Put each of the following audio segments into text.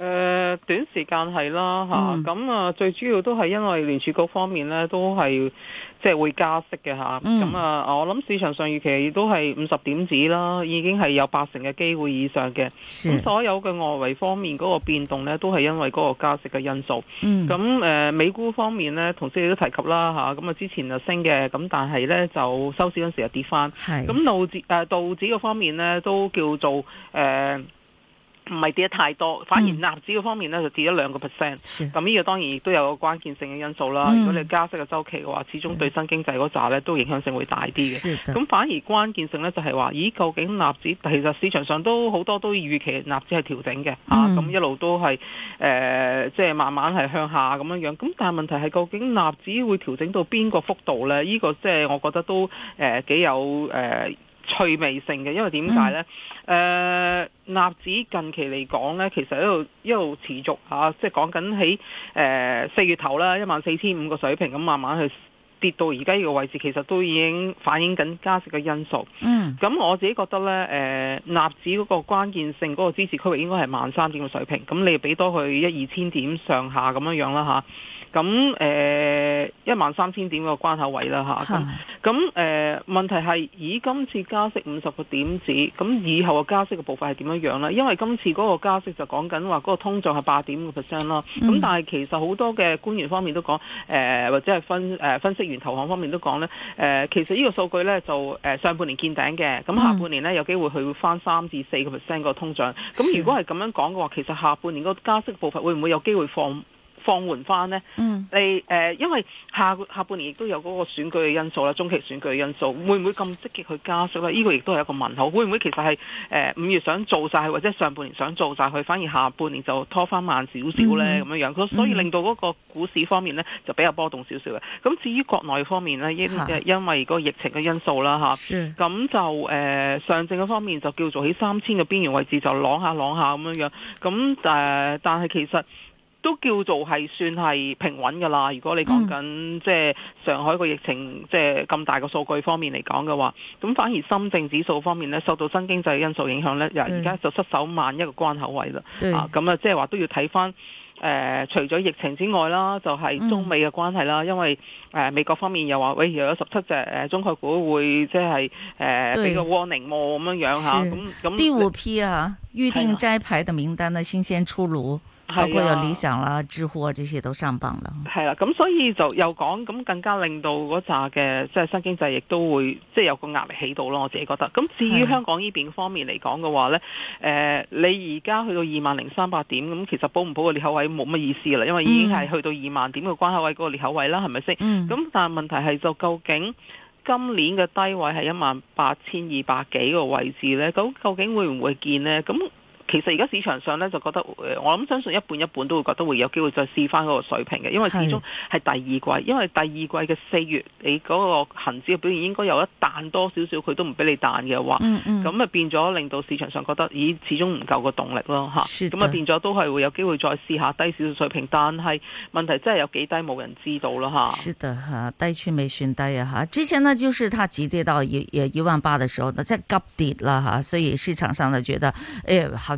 誒，短時間係啦，吓、嗯、咁啊，最主要都係因為聯儲局方面咧，都係即係會加息嘅吓。咁、嗯、啊，我諗市場上預期都係五十點子啦，已經係有八成嘅機會以上嘅。咁所有嘅外圍方面嗰個變動咧，都係因為嗰個加息嘅因素。咁、嗯、誒、啊，美股方面咧，同事你都提及啦吓，咁啊之前就升嘅，咁但係咧就收市嗰陣時又跌翻。咁道指誒，道指方面咧都叫做誒。呃唔係跌得太多，反而納指嗰方面呢就跌咗兩個 percent。咁呢個當然亦都有個關鍵性嘅因素啦、嗯。如果你加息嘅周期嘅話，始終對新經濟嗰扎呢都影響性會大啲嘅。咁反而關鍵性呢就係、是、話，咦？究竟納指其實市場上都好多都預期納指係調整嘅、嗯、啊，咁一路都係誒，即、呃、係、就是、慢慢係向下咁樣樣。咁但係問題係究竟納指會調整到邊個幅度呢？呢、這個即係我覺得都誒、呃、幾有誒。呃趣味性嘅，因為點解呢？誒、嗯呃，納指近期嚟講呢，其實一路一路持續嚇，即係講緊喺誒四月頭啦，一萬四千五個水平咁，慢慢去跌到而家呢個位置，其實都已經反映緊加息嘅因素。嗯，咁我自己覺得呢，誒、呃、納指嗰個關鍵性嗰、嗰個支持區域應該係萬三點嘅水平，咁你俾多佢一二千點上下咁樣樣啦嚇。啊咁誒一萬三千點個關口位啦下，咁咁誒問題係以今次加息五十個點子，咁以後嘅加息嘅步伐係點樣樣咧？因為今次嗰個加息就講緊話嗰個通脹係八點五個 percent 咯，咁但係其實好多嘅官員方面都講，誒、呃，或者係分誒、呃、分析員投行方面都講咧，誒、呃、其實呢個數據咧就上半年見頂嘅，咁下半年咧、嗯、有機會去返三至四個 percent 個通脹。咁如果係咁樣講嘅話，其實下半年個加息步伐會唔會有機會放？放緩翻呢，嗯、你誒、呃，因為下下半年亦都有嗰個選舉嘅因素啦，中期選舉嘅因素，會唔會咁積極去加息啦呢、呢個亦都係一個問號。會唔會其實係誒五月想做晒或者上半年想做晒，佢反而下半年就拖翻慢少少呢？咁、嗯、樣樣？所以令到嗰個股市方面呢就比較波動少少嘅。咁至於國內方面呢，因為為嗰個疫情嘅因素啦嚇，咁、啊、就誒、呃、上證嘅方面就叫做喺三千嘅邊緣位置就朗下朗下咁樣樣。咁但係其實。都叫做係算係平穩㗎啦。如果你講緊即係上海個疫情即係咁大嘅數據方面嚟講嘅話，咁、嗯、反而深證指數方面呢，受到新經濟因素影響呢，又而家就失守萬一個關口位啦。咁啊即係話都要睇返誒，除咗疫情之外啦，就係、是、中美嘅關係啦、嗯，因為誒、呃、美國方面又話喂，又、哎、有十七隻誒中概股會即係誒俾個 warning 喎咁樣樣嚇。咁第五批嚇、啊、預定摘牌嘅名單呢，新鮮出爐。包括有理想啦、啊、知乎啊，啊，這些都上榜啦。係啦、啊，咁所以就又講，咁更加令到嗰扎嘅即係新經濟，亦都會即係、就是、有個壓力起到咯。我自己覺得。咁至於香港呢邊方面嚟講嘅話呢，誒、啊呃，你而家去到二萬零三百點，咁其實補唔補個裂口位冇乜意思啦，因為已經係去到二萬點嘅關口位嗰個裂口位啦，係咪先？咁、嗯、但係問題係就究竟今年嘅低位係一萬八千二百幾個位置呢？咁究竟會唔會見呢？咁其實而家市場上咧就覺得我諗相信一半一半都會覺得會有機會再試翻嗰個水平嘅，因為始終係第二季，因為第二季嘅四月你嗰個恆指嘅表現應該有一彈多少少，佢都唔俾你彈嘅話，咁、嗯、啊、嗯、變咗令到市場上覺得咦，始終唔夠個動力咯吓，咁啊變咗都係會有機會再試下低少少水平，但係問題真係有幾低冇人知道啦吓，是的低處未算低啊吓，之前呢，就是它急跌到一也一萬八嘅時候，即係急跌啦吓，所以市場上就覺得誒、哎、好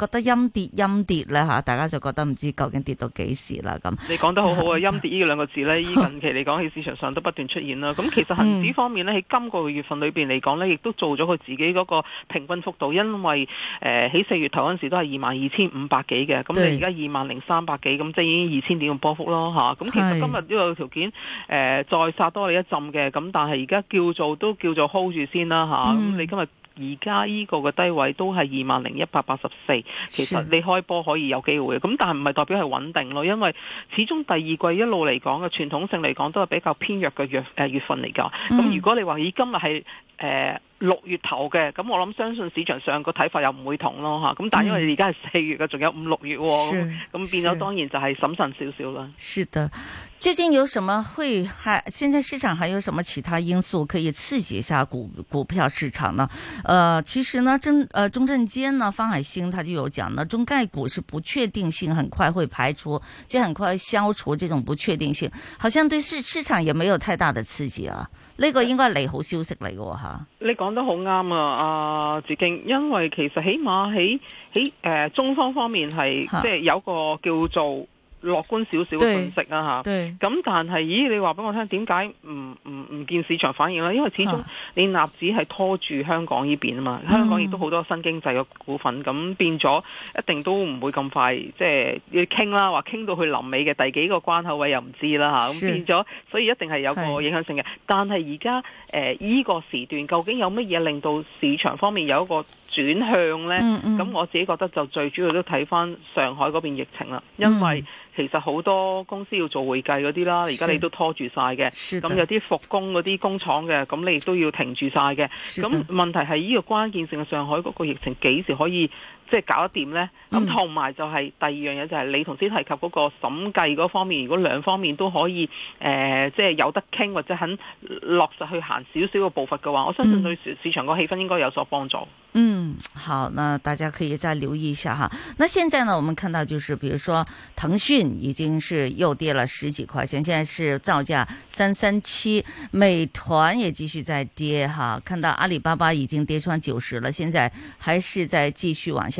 覺得陰跌陰跌咧，大家就覺得唔知究竟跌到幾時啦咁。你講得好好啊！陰 跌呢兩個字咧，依近期嚟講喺市場上都不斷出現啦。咁其實恒指方面咧，喺、嗯、今個月份裏面嚟講咧，亦都做咗佢自己嗰個平均幅度，因為誒喺四月頭嗰陣時都係二萬二千五百幾嘅，咁你而家二萬零三百幾，咁即係已經二千點嘅波幅咯。咁其實今日呢個條件誒再殺多你一陣嘅，咁但係而家叫做都叫做 hold 住先啦咁、嗯、你今日。而家依個嘅低位都係二萬零一百八十四，其實你開波可以有機會，咁但係唔係代表係穩定咯，因為始終第二季一路嚟講嘅傳統性嚟講都係比較偏弱嘅月誒月份嚟㗎。咁如果你話以今日係誒。呃六月頭嘅，咁我諗相信市場上個睇法又唔會同咯吓，咁但因為而家係四月嘅，仲、嗯、有五六月喎，咁變咗當然就係審慎少少啦。是的，究竟有什麼會？還現在市場還有什麼其他因素可以刺激一下股股票市場呢？呃，其實呢，中呃中證監呢，方海星他就有講呢，中概股是不確定性很快會排除，就很快會消除這種不確定性，好像對市市場也沒有太大的刺激啊。呢、這個應該係利好消息嚟㗎吓，你講得好啱啊！阿志敬，因為其實起碼喺喺誒中方方面係，即係有一個叫做。樂觀少少嘅信息啦吓，咁但係，咦你話俾我聽點解唔唔唔見市場反應呢？因為始終你納指係拖住香港呢邊啊嘛，香港亦都好多新經濟嘅股份，咁、嗯、變咗一定都唔會咁快，即係要傾啦，話傾到去臨尾嘅第幾個關口位又唔知啦吓，咁、啊、變咗，所以一定係有個影響性嘅。但係而家誒依個時段究竟有乜嘢令到市場方面有一個。轉向呢，咁、嗯嗯、我自己覺得就最主要都睇翻上海嗰邊疫情啦，因為其實好多公司要做會計嗰啲啦，而家你都拖住晒嘅，咁有啲復工嗰啲工廠嘅，咁你都要停住晒嘅，咁問題係呢個關鍵性嘅上海嗰個疫情幾時可以即係搞得掂咧，咁同埋就係第二樣嘢就係你頭先提及嗰個審計嗰方面，如果兩方面都可以、呃、即係有得傾或者肯落實去行少少嘅步伐嘅話，我相信對市場個氣氛應該有所幫助。嗯，好，那大家可以再留意一下哈。那現在呢，我們看到就是，譬如說，騰訊已經是又跌了十幾塊錢，現在是造價三三七，美團也繼續在跌哈。看到阿里巴巴已經跌穿九十了，現在還是在繼續往下。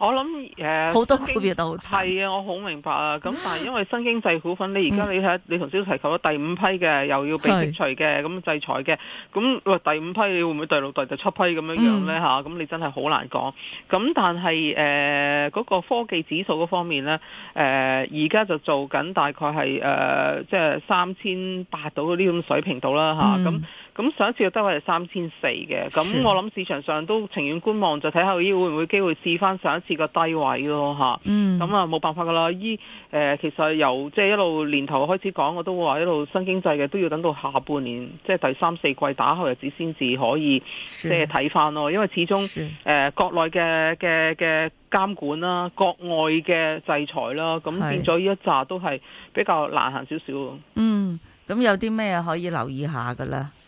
我諗誒、呃，好多股票都係啊，我好明白啊。咁但係因為新經濟股份，你而家你睇，你頭先都提及咗第五批嘅，又要被剔除嘅，咁制裁嘅。咁喂，第五批你會唔會第六、第七批咁樣樣咧？吓、嗯，咁你真係好難講。咁但係誒，嗰、呃那個科技指數嗰方面咧，誒、呃，而家就做緊大概係誒，即係三千八到啲咁水平度啦，吓、啊、咁。嗯咁上一次嘅低位係三千四嘅，咁我諗市場上都情願觀望，就睇下依會唔會機會試翻上一次個低位咯嚇。咁啊冇辦法噶啦，依其實由即係一路年頭開始講，我都會話一路新經濟嘅都要等到下半年，即係第三四季打後日子先至可以即係睇翻咯。因為始終誒、呃、國內嘅嘅嘅監管啦，國外嘅制裁啦，咁變咗呢一紮都係比較難行少少。嗯，咁有啲咩可以留意下噶呢？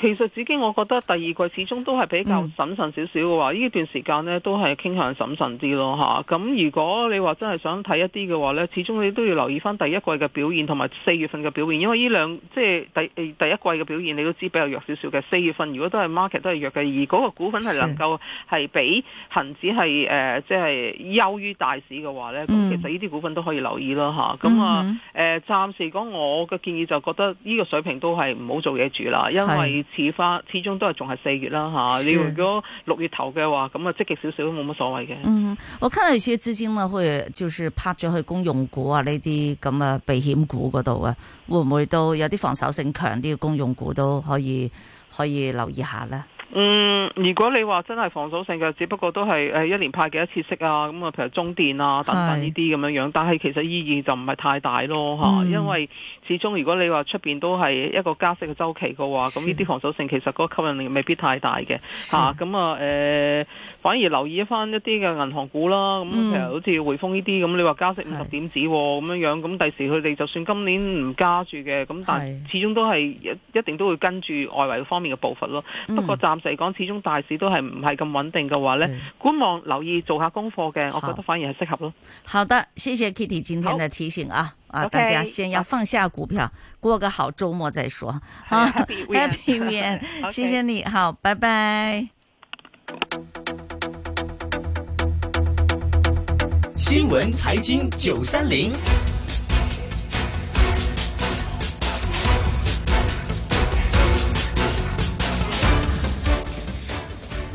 其實自己，我覺得第二季始終都係比較審慎少少嘅話，呢、嗯、段時間呢都係傾向審慎啲咯。咁、啊、如果你真話真係想睇一啲嘅話呢，始終你都要留意翻第一季嘅表現同埋四月份嘅表現，因為呢兩即係第第一季嘅表現你都知比較弱少少嘅，四月份如果都係 market 都係弱嘅，而嗰個股份係能夠係比恒指係即係優於大市嘅話呢，咁其實呢啲股份都可以留意咯。咁啊誒、嗯呃，暫時講我嘅建議就覺得呢個水平都係唔好做嘢住啦，因為似化始終都係仲係四月啦吓，你如果六月頭嘅話，咁啊積極少少都冇乜所謂嘅。嗯，我看到有些資金呢會就是拍咗去公用股啊呢啲咁啊避險股嗰度啊，會唔會都有啲防守性強啲嘅公用股都可以可以留意一下咧？嗯，如果你話真係防守性嘅，只不過都係一年派幾多次息啊，咁啊，譬如中電啊等等呢啲咁樣樣，但係其實意義就唔係太大咯、嗯、因為始終如果你話出面都係一個加息嘅周期嘅話，咁呢啲防守性其實嗰個吸引力未必太大嘅咁啊、呃、反而留意一翻一啲嘅銀行股啦，咁、嗯、其實好似匯豐呢啲咁，你話加息五十點子喎、哦，咁樣樣，咁第時佢哋就算今年唔加住嘅，咁但係始終都係一定都會跟住外圍方面嘅步伐咯、嗯，不過暫就嚟講，始終大市都係唔係咁穩定嘅話呢，觀望、留意、做下功課嘅，我覺得反而係適合咯。好的，謝謝 Kitty 今天的提醒啊！啊，大家先要放下股票，過個好周末再說。好、啊，Happy, happy New、 okay、謝謝你好，拜拜。新聞財經九三零。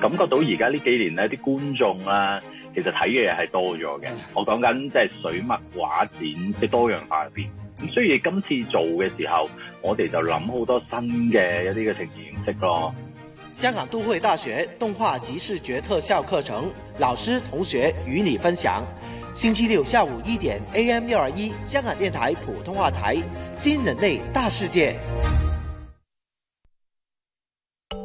感覺到而家呢幾年呢啲觀眾啦、啊，其實睇嘅嘢係多咗嘅。我講緊即係水墨畫展嘅多樣化入邊，咁所以今次做嘅時候，我哋就諗好多新嘅一啲嘅呈現形式咯。香港都會大學動畫及視覺特效課程老師同學與你分享，星期六下午一點 AM 六二一香港電台普通話台，新人類大世界。」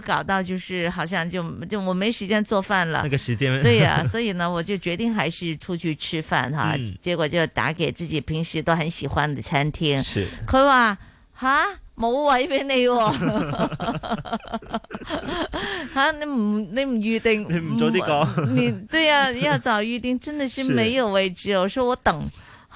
搞到就是好像就就我沒時間做飯了，那個時間對呀、啊， 所以呢，我就決定還是出去吃飯哈、啊嗯。結果就打給自己平時都很喜歡的餐廳，是，佢話吓冇位俾你，吓你唔你唔預定，你唔早啲講， 你對呀、啊，要早預定，真的是沒有位置、哦。我說我等。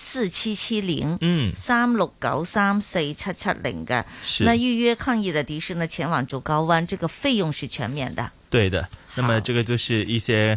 四七七零，嗯，三六九三四七七零嘅，那預約抗疫的的士呢，前往竹篙灣，這個費用是全免的，對的，那麼這個就是一些。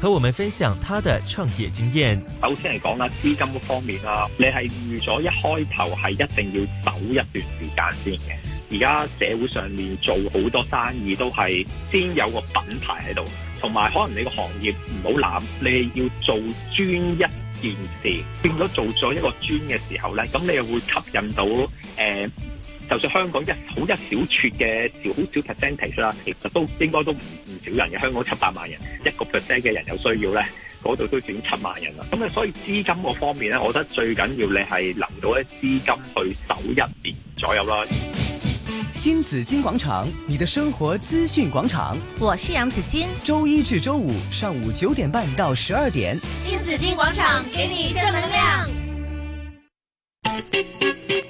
和我們分享他的創業經驗。首先嚟講啦，資金嗰方面啦，你係預咗一開頭係一定要走一段時間先嘅。而家社會上面做好多生意都係先有個品牌喺度，同埋可能你個行業唔好攬，你要做專一件事，變咗做咗一個專嘅時候呢，咁你又會吸引到誒。呃就算香港一好一小撮嘅，好少 percent 提出啦，其實都應該都唔唔少人嘅。香港七百萬人，一個 percent 嘅人有需要咧，嗰度都算七萬人啦。咁啊，所以資金嗰方面咧，我覺得最緊要你係留到一資金去守一年左右啦。新紫荊廣場，你的生活資訊廣場，我是楊子矜。周一至周五上午九點半到十二點，新紫荊廣場，給你正能量。嗯嗯嗯嗯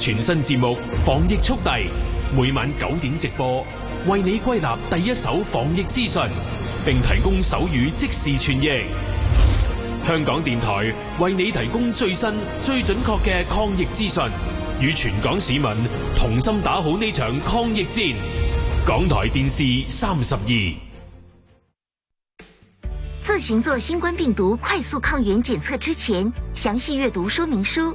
全新節目防疫速遞，每晚九點直播，為你歸納第一手防疫資訊，並提供手語即時傳譯。香港電台為你提供最新、最準確嘅抗疫資訊，與全港市民同心打好呢場抗疫戰。港台電視三十二。自行做新冠病毒快速抗原檢測之前，詳細閱讀說明書。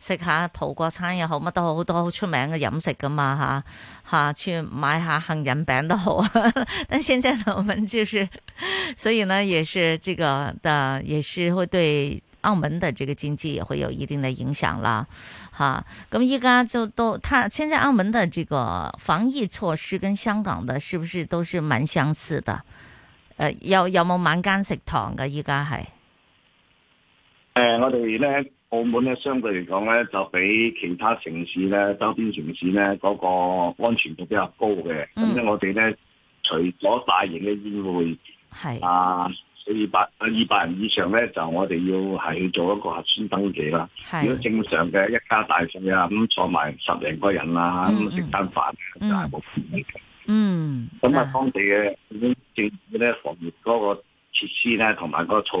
食下葡國餐又好，乜都好多好出名嘅飲食噶嘛吓吓，去買下杏仁餅都好。 但現在我們就是，所以呢，也是這個的，也是會對澳門的這個經濟也會有一定的影響啦。吓，咁依家就都，他現在澳門的這個防疫措施跟香港的，是不是都是蠻相似的？誒、呃，要要有有冇晚間食堂嘅依家係？誒、呃，我哋咧。澳門咧相對嚟講咧，就比其他城市咧周邊城市咧嗰、那個安全度比較高嘅。咁、嗯、咧我哋咧除咗大型嘅宴會，係啊四百啊二百人以上咧，就我哋要係要做一個核酸登記啦。如果正常嘅一家大細啊，咁坐埋十零個人啦，咁食餐飯就係冇事嘅。嗯，咁、就、啊、是嗯嗯，當地嘅政府咧防疫嗰個設施咧，同埋嗰個措。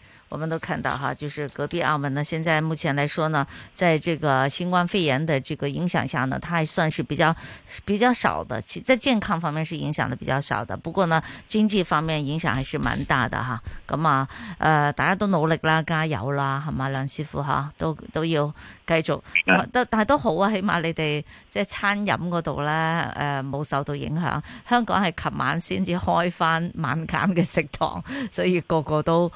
我們都看到哈，就是隔壁澳門呢，現在目前來說呢，在這個新冠肺炎的這個影響下呢，它還算是比較比較少的，在健康方面是影響的比較少的。不過呢，經濟方面影響還是蠻大的哈。咁啊，誒、呃，大家都努力啦，加油啦，係嘛，梁師傅吓，都都要繼續。但但係都好啊，起碼你哋即係餐飲嗰度呢，誒、呃，冇受到影響。香港係琴晚先至開返晚減嘅食堂，所以個個都。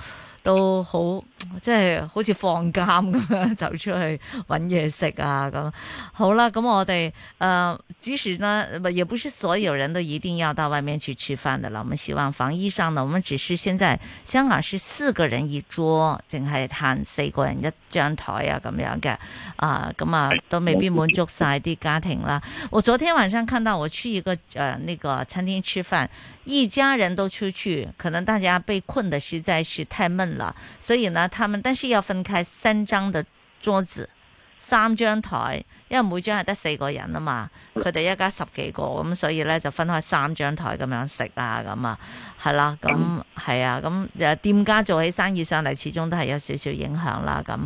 都好。即係好似放監咁樣走出去揾嘢食啊咁。好啦，咁、嗯、我哋誒，即、呃、係呢，也不是所有人都一定要到外面去吃飯的啦。我們希望防疫上呢，我們只是現在香港是四個人一桌，淨係攤四個人一張台啊咁樣嘅。呃、樣啊，咁啊都未必滿足晒啲家庭啦。我昨天晚上看到我去一個誒呢、呃那個餐廳吃飯，一家人都出去，可能大家被困得實在是太悶了，所以呢。他們當時有分開新增嘅桌子，三張台，因為每張係得四個人啊嘛。佢哋一家十幾個咁，所以咧就分開三張台咁樣食啊，咁啊係啦。咁係啊，咁誒、啊、店家做起生意上嚟，始終都係有少少影響啦。咁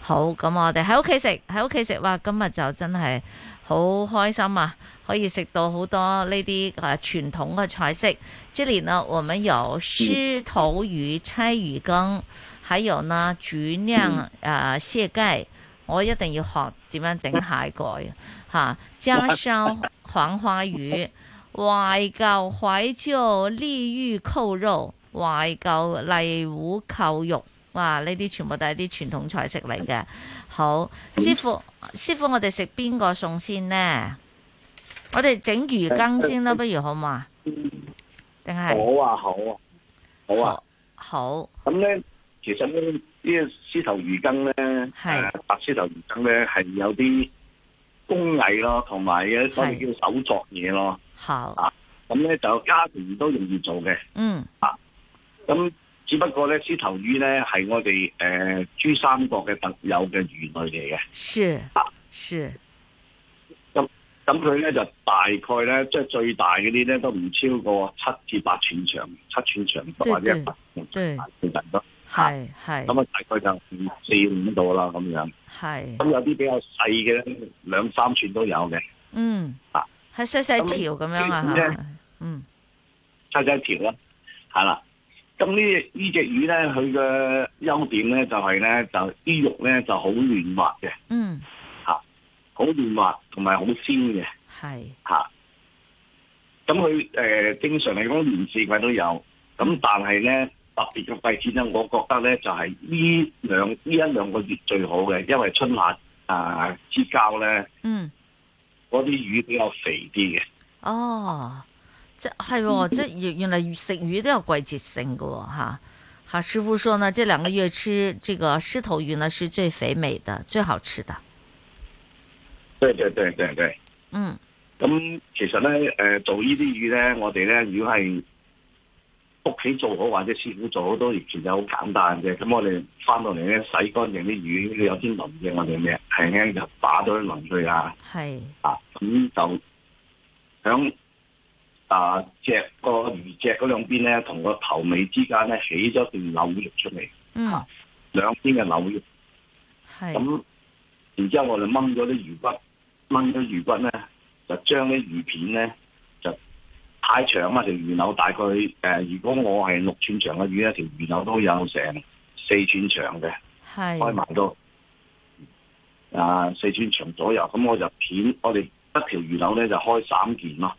好咁，我哋喺屋企食喺屋企食，哇！今日就真係好開心啊，可以食到好多呢啲誒傳統嘅菜式。即里呢，我們有獅頭魚、拆魚羹。還有呢，煮釀誒蟹蓋，我一定要學點樣整蟹蓋吓，家、啊、燒黃花魚、懷舊海椒、荔芋扣肉、懷舊荔芋扣肉，哇！呢啲全部都係啲傳統菜式嚟嘅。好，師傅師傅，我哋食邊個餸先呢？我哋整魚羹先啦，不如好嘛？嗯，定係好啊！好啊！好咁、啊、咧。好好其實呢啲獅頭魚羹咧，白獅頭魚羹咧係有啲工藝咯，同埋一啲所謂叫手作嘢咯。好啊，咁咧就有家庭都容易做嘅。嗯啊，咁只不過咧獅頭魚咧係我哋誒珠三角嘅特有嘅魚類嚟嘅。是啊，是。咁咁佢咧就大概咧，即係最大嗰啲咧都唔超過七至八寸長，七寸長多或者係八寸長係係咁啊，係大概就四四五度啦，咁樣。係咁有啲比較細嘅，兩三寸都有嘅。嗯，啊，係細細條咁樣啊吓。嗯，細細條啦，係啦。咁呢，呢隻魚咧，佢嘅優點咧就係咧，就啲、係、肉咧就好嫩滑嘅。嗯，吓、啊，好嫩滑，同埋好鮮嘅。係吓，咁佢誒，正常嚟講，年四季都有。咁但係咧。特別嘅季節咧，我覺得咧就係呢兩呢一兩個月最好嘅。因為春夏啊之交咧，嗯，嗰啲魚比較肥啲嘅。哦，即係即係原原來魚食魚都有季節性嘅吓。吓、啊啊、師傅說呢，這兩個月吃這個獅頭魚呢，是最肥美的，最好吃的。對對對對對。嗯。咁其實咧，誒、呃、做呢啲魚咧，我哋咧如果係。屋企做好或者師傅做好都完全就好簡單嘅，咁我哋返到嚟咧洗乾淨啲魚，你有啲鱗嘅我哋咩，輕輕就打咗啲鱗碎啊，係啊咁就響啊隻個魚脊嗰兩邊咧，同個頭尾之間咧起咗段柳肉出嚟，嗯，兩兩邊嘅柳肉，係咁，然之後我哋掹咗啲魚骨，掹咗魚骨咧就將啲魚片咧。太長啦，條魚柳大概誒、呃，如果我係六寸長嘅魚，一條魚柳都有成四寸長嘅，開埋都啊、呃、四寸長左右，咁我就片，我哋一條魚柳咧就開三件咯，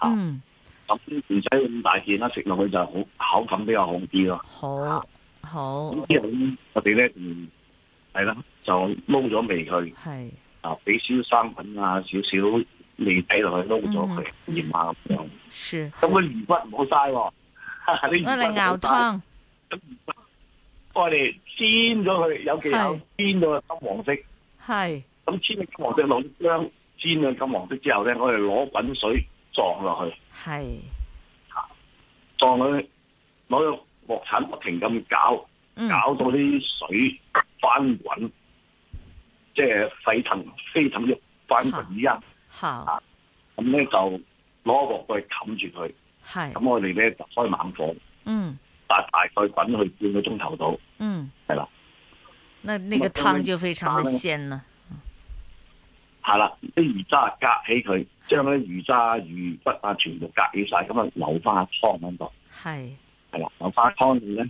吓、嗯，咁唔使咁大件啦，食落去就好，口感比較好啲咯，好，啊、好，咁之後我哋咧，嗯，係啦，就撈咗味佢，係啊，俾少生粉啊少少。你睇落去撈咗佢鹽咁，咁佢、嗯、魚骨唔好嘥喎。我哋熬湯，咁魚骨我哋煎咗佢，有幾有煎到金黃色。係，咁煎到金黃色攞啲薑煎咗金黃色之後咧，我哋攞滾水撞落去。係，撞佢攞個鑊鏟不停咁搞，搞到啲水翻滾，即、嗯、係、就是、沸騰，沸騰要翻滾一。吓，咁咧就攞一個鑊去冚住佢，咁我哋咧就開猛火，嗯，係大概滾去半個鐘頭到，係啦。嗱呢個湯就非常之鮮啦。係啦，啲、嗯、魚渣隔起佢，將啲魚渣魚骨啊全部隔起晒，咁啊留翻湯喺度。係，係啦，留翻湯度咧，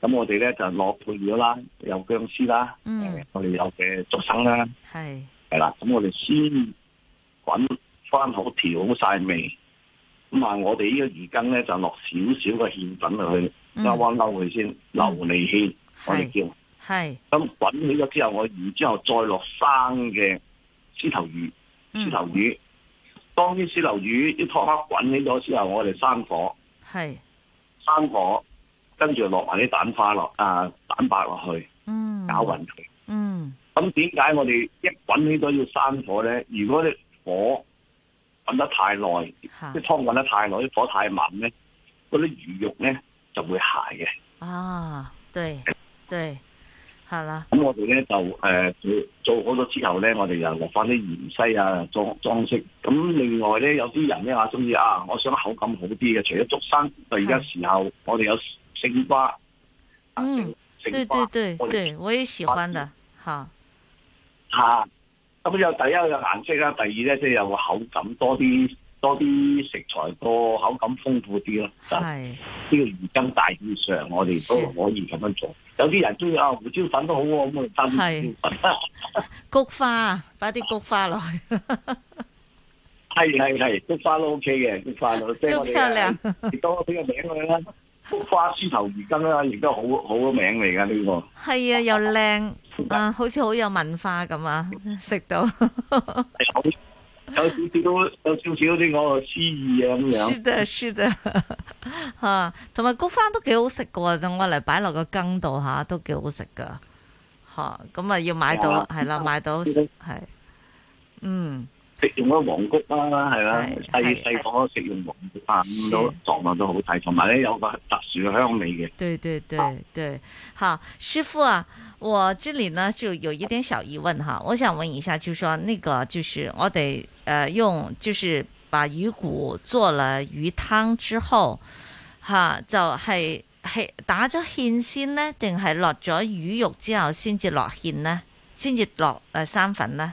咁我哋咧就落配料啦，有薑絲啦，誒、嗯，我哋有嘅竹笙啦，係，係啦，咁我哋先。滾翻好，調好晒味，咁啊，我哋呢個魚羹咧就落少少嘅芡粉落去，勾翻勾佢先，嗯，琉璃芡，我哋叫。係。咁滾起咗之後，我然之後再落生嘅獅頭魚，獅頭魚。嗯。當啲獅頭魚啲湯汁滾起咗之後，我哋生火。係。生火，跟住落埋啲蛋花落，啊，蛋白落去。嗯。攪勻佢。嗯。咁點解我哋一滾起咗要生火咧？如果你。火滾得太耐，啲湯滾得太耐，啲火太猛咧，嗰啲魚肉咧就會鞋嘅。啊，對對，係啦。咁、嗯、我哋咧就誒、呃、做，做好咗之後咧，我哋又落翻啲芫茜啊裝裝飾。咁另外咧，有啲人咧話中意啊，我想口感好啲嘅，除咗竹笙，而家時候我哋有勝瓜。嗯，對對對對，對，我也喜歡的，吓。好。啊咁、嗯、有第一嘅顏色啦，第二咧即係有個口感多啲，多啲食材多口感豐富啲咯。係呢個魚羹大致上，我哋都可以咁樣做。有啲人中意啊，胡椒粉都好喎，咁啊加啲胡椒粉。菊花，擺啲菊花落去。係係係，菊花都 OK 嘅，菊花即係 我哋多俾個名佢啦。菊花獅頭魚羹啦，亦、這、都、個、好好個名嚟噶呢個。係啊，又靚 啊，好似好有文化咁啊！食 吃到 有少少都有少少啲嗰個詩意啊咁樣。係啊，係啊，同埋菊花都幾好食噶，咁我嚟擺落個羹度吓、啊，都幾好食噶。吓、啊，咁啊要買到係啦， 買到食。係 是的 嗯。食用嗰黃菊啦，係啦，細細個食用黃菊啊，咁都狀況都好睇，同埋咧有個特殊嘅香味嘅。對對對對，吓，師傅啊，我這裏呢就有一點小疑問哈，我想問一下就，就說那個就是我哋，誒用，就是把魚骨做了魚湯之後，吓、啊，就係、是、係打咗芡先呢？定係落咗魚肉之後先至落芡呢？先至落誒生粉呢？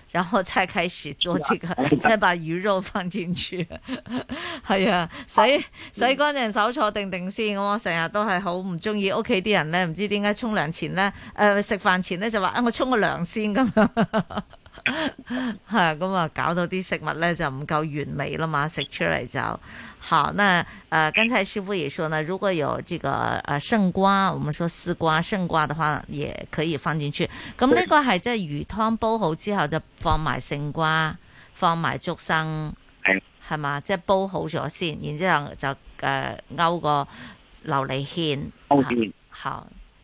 然後再開始做這個，再把魚肉放進去，係 啊，洗洗乾淨手坐定定先。我成日都係好唔中意屋企啲人咧，唔知點解沖涼前咧，誒食飯前咧就話，啊我沖個涼先咁樣。 係咁啊，搞到啲食物咧就唔夠完美啦嘛，食出嚟就好。嗱誒，剛、呃、才師傅也說呢，如果有這個誒勝、啊、瓜，我們說絲瓜、勝瓜的話，也可以放進去。咁呢個係即係魚湯煲好之後，就放埋勝瓜，放埋竹笙，係係嘛，即、就、係、是、煲好咗先，然之後就誒勾個琉璃芡，okay.，好。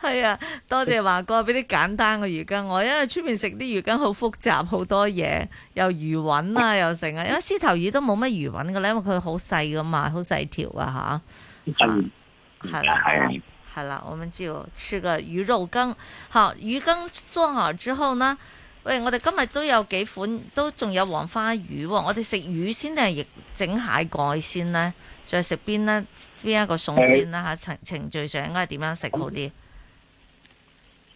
係 啊，多謝華哥俾啲簡單嘅魚羹我，因為出面食啲魚羹好複雜，好多嘢又魚韻啊，又剩啊，因為獅頭魚都冇乜魚韻嘅咧，因為佢好細噶嘛，好細條啊吓，係、嗯、啦，係 啦、啊，係啦、啊，咁樣、啊、就煮個魚肉羹。吓，魚羹做好之後呢？喂，我哋今日都有幾款，都仲有黃花魚喎、哦。我哋食魚先定係整蟹蓋先呢？再食邊呢？邊一個餸先啦，吓，程序上應該係點樣食好啲？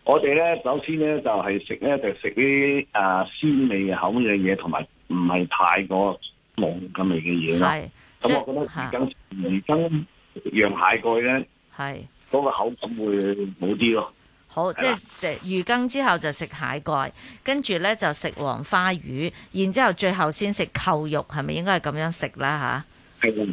我哋咧，首先咧就係食咧就食啲誒鮮味口嘅嘢，同埋唔係太過冇咁味嘅嘢啦。係咁，我覺得魚羹魚羹釀，釀蟹蓋咧係嗰個口感會好啲咯。好，即係食魚羹之後就食蟹蓋，跟住咧就食黃花魚，然之後最後先食扣肉，係咪應該係咁樣食啦？吓係。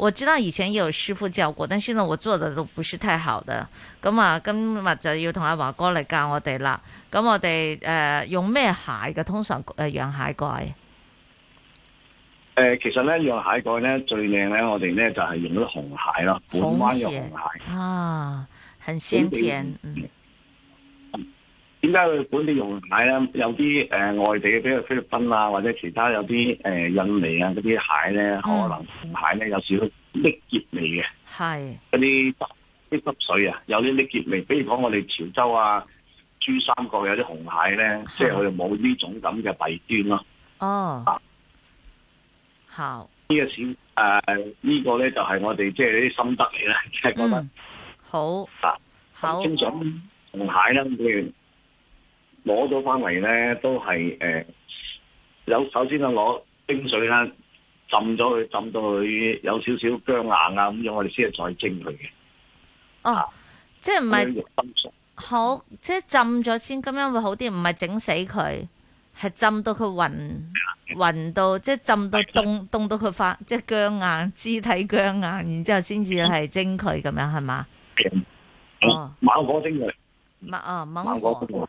我知道以前有師傅教過，但係呢，我做得都不是太好的。咁啊，今日就要同阿華哥嚟教我哋啦。咁我哋誒用咩蟹嘅？通常誒釀蟹蓋。誒，其實呢，釀蟹蓋呢最靚呢，我哋呢就係用啲紅蟹咯，本灣養紅蟹啊，很鮮甜。點解佢本地用蟹咧？有啲誒、呃、外地嘅，比如菲律賓啊，或者其他有啲誒、呃、印尼啊嗰啲蟹咧，mm. 可能紅蟹咧有少少黐結味嘅。係嗰啲啲汁水啊，有啲黐結味。比如講我哋潮州啊、珠三角有啲紅蟹咧，即係佢冇呢種咁嘅弊端咯。哦、oh. 啊，好呢、這個錢誒呢個咧，就係我哋即係啲心得嚟啦，係覺得好啊、mm. 好。通常紅蟹啦。攞咗翻嚟咧，都係誒、呃、有，首先點點啊，攞冰水啦，浸咗佢，浸到佢有少少僵硬啊咁樣，我哋先係再蒸佢嘅。哦，即係唔係好，即係浸咗先，咁樣會好啲，唔係整死佢，係浸到佢暈暈到，即係浸到凍凍到佢發，即係僵硬肢體僵硬，然之後先至係蒸佢咁樣係嘛？哦，猛火蒸佢。唔、哦、啊，猛火。猛火蒸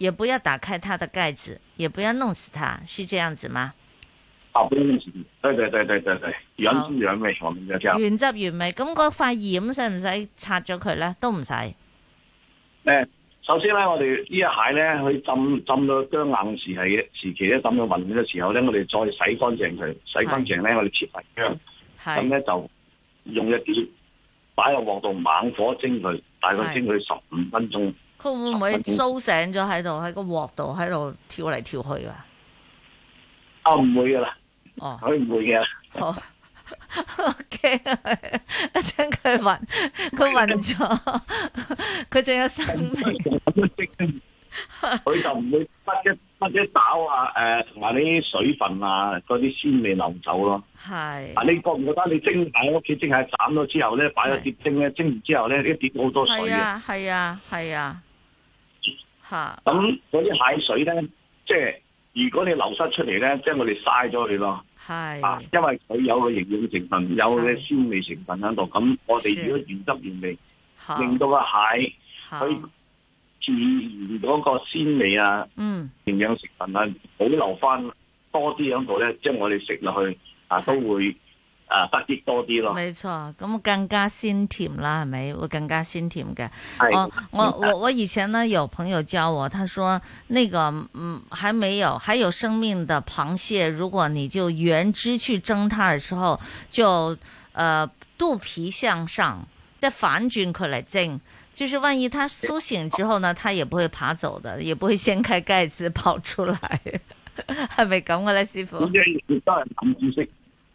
也不要打開它的蓋子，也不要弄死它，是這樣子嗎？對對對對對，原汁原味，原汁原味，咁嗰塊鹽使唔使拆咗佢咧？都唔使。首先咧，我哋呢一蟹咧，去浸浸到將硬時系時期咧，浸佢混嘅時候咧，我哋再洗乾淨佢，洗乾淨咧，我哋切埋薑，咁咧就用一碟擺入鑊度，猛火蒸佢，大概蒸佢十五分鐘。佢會唔會蘇醒咗喺度喺個鑊度喺度跳嚟跳去㗎啊？啊唔會噶啦，哦佢唔會嘅、哦。好，驚 啊！一陣佢暈，佢暈咗，佢仲有生命。佢 就唔會不一不一倒啊！誒、呃，同埋啲水分啊，嗰啲鮮味流走咯。係你覺唔覺得你蒸喺屋企蒸下斬咗之後咧，擺咗碟蒸咧，蒸完之後咧，啲碟好多水嘅。係啊，係啊，係啊。咁嗰啲蟹水咧，即係如果你流失出嚟咧，即係我哋嘥咗佢咯。係，因為佢有個營養成分，有嘅鮮味成分喺度。咁我哋如果原汁原味，令到個蟹佢自然嗰個鮮味啊，嗯，營養成分啊，保留翻多啲喺度咧，將我哋食落去啊，都會。啊，不多啲咯，沒錯，咁更加鮮甜啦，係咪？會更加鮮甜嘅。我感、哎、我我我以前呢有朋友教我，他說那個嗯還沒有還有生命的螃蟹，如果你就原汁去蒸它的時候，就呃肚皮向上，再反轉可來蒸，就是萬一它蘇醒之後呢，它也不會爬走的，也不會掀開蓋子跑出來，係咪咁嘅咧？師傅。嗯嗯嗯嗯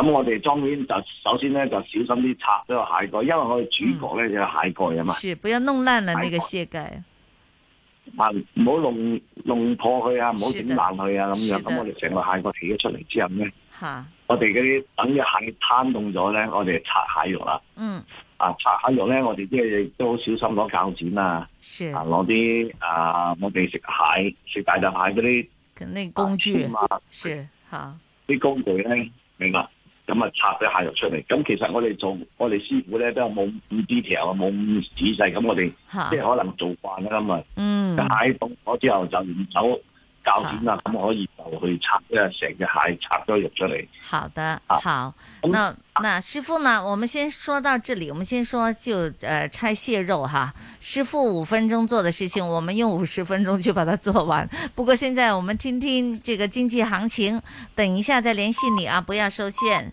咁、嗯、我哋裝片就首先咧就小心啲拆呢個蟹蓋，因為我哋主角咧就、嗯、蟹蓋啊嘛。是，不要弄爛啦，呢個蟹蓋。啊，唔好弄弄破佢啊，唔好整爛佢啊，咁樣。咁我哋成個蟹蓋起咗出嚟之後咧，吓，我哋嗰啲等隻蟹攤凍咗咧，我哋拆蟹肉啦。嗯。啊，拆蟹肉咧，我哋即係都好小心攞鉸剪啊。啊，攞啲啊，我哋食蟹食大隻蟹嗰啲、啊。嗰啲工具。啊、是，啲工具咧，明白。咁啊，拆咗蟹肉出嚟。咁其實我哋做，我哋師傅咧都係冇咁 detail 啊，冇咁仔細。咁我哋即係可能做慣啦嘛。嗯，蟹凍咗之後就唔走搞掂啦，咁可以就去拆，即係成隻蟹拆咗肉出嚟。好的，好。啊、那那師傅呢？我們先說到這裏，我們先說就誒、呃、拆蟹肉哈。師傅五分鐘做的事情，我們用五十分鐘就把它做完。不過現在我們聽聽這個經濟行情，等一下再聯繫你啊，不要收綫。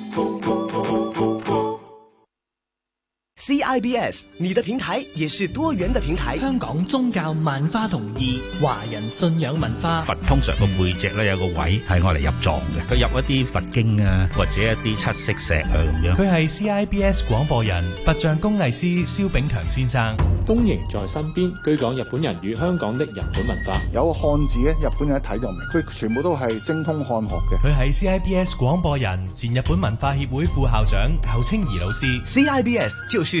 CIBS，你的平台也是多元的平台。香港宗教萬花筒二、華人信仰文化。佛通常個背脊，咧，有個位係我嚟入葬嘅，佢入一啲佛經啊，或者一啲七色石啊咁樣。佢係 CIBS 廣播人，佛像工藝師蕭炳強先生。公營在身邊，居港日本人與香港的日本文化。有個漢字咧，日本人一睇就明，佢全部都係精通漢學嘅。佢係 CIBS 廣播人，前日本文化協會副校長侯清怡老師。CIBS 就是。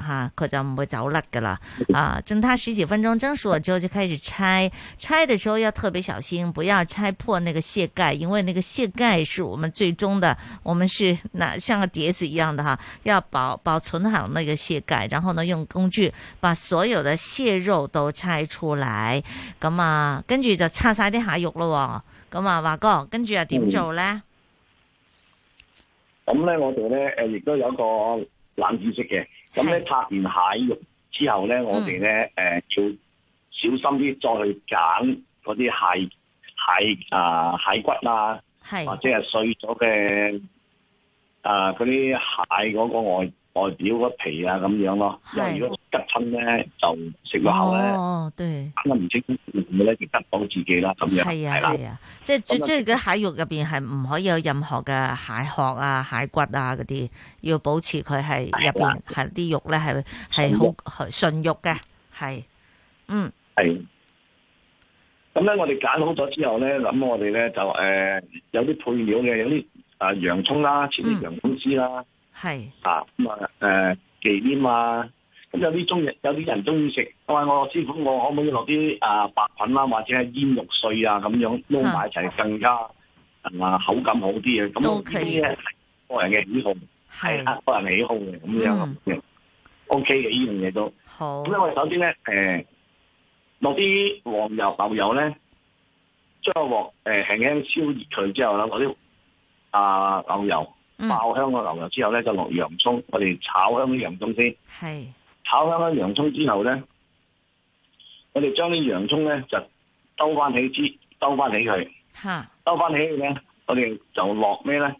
哈、啊，佢就唔會走甩噶啦，啊，蒸它十幾分鐘，蒸熟咗之後就開始拆，拆的時候要特別小心，不要拆破那個蟹蓋，因為那個蟹蓋是我們最終的，我們是拿像個碟子一樣的哈、啊，要保保存好那個蟹蓋，然後呢用工具把所有的蟹肉都拆出來，咁啊，跟住就拆晒啲蟹肉咯，咁啊，華哥，跟住又點做咧？咁、嗯、咧，我哋咧誒，亦都有個冷知識嘅。咁咧拆完蟹肉之後咧，我哋咧誒要小心啲再去揀嗰啲蟹蟹啊蟹骨啦，或者係碎咗嘅啊嗰啲蟹嗰個外外表個皮啊咁樣咯，因為如果吉親咧就食落口咧，打、哦、唔清唔會咧就刉到自己啦咁樣。係啊，係啊，啊啊嗯、即係最中意嘅蟹肉入邊係唔可以有任何嘅蟹殼啊、蟹骨啊嗰啲，要保持佢係入邊係啲肉咧，係係好純肉嘅，係嗯。係，咁咧我哋揀好咗之後咧，咁我哋咧就誒、呃、有啲配料嘅，有啲洋葱啦、啊，切啲洋葱絲啦。嗯係啊，咁、呃、啊，誒，忌廉啊，咁有啲中意，有啲人中意食。我話我師傅，我可唔可以落啲啊白菌啦、啊，或者係醃肉碎啊，咁樣撈埋一齊、嗯，更加啊、嗯、口感好啲啊？咁呢啲咧，個人嘅喜好，係啊，個人喜好嘅咁樣嘅。O K 嘅呢樣嘢都好。咁我哋首先咧，誒、呃，落啲黃油、豆油咧，將個鑊誒輕輕燒熱佢之後咧，啲啊豆油。爆香個牛油之後咧，就落洋葱，我哋炒香啲洋葱先。係炒香啲洋葱之後咧，我哋將啲洋葱咧就兜翻起佢，兜翻起佢。吓兜翻起佢咧，我哋就落咩咧？